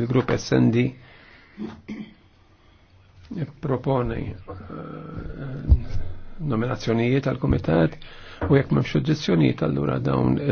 il-grupp SND proponi eh, nominazzjonijiet għal komitat u jekk m'hemmx oġġezzjonijiet allura dawn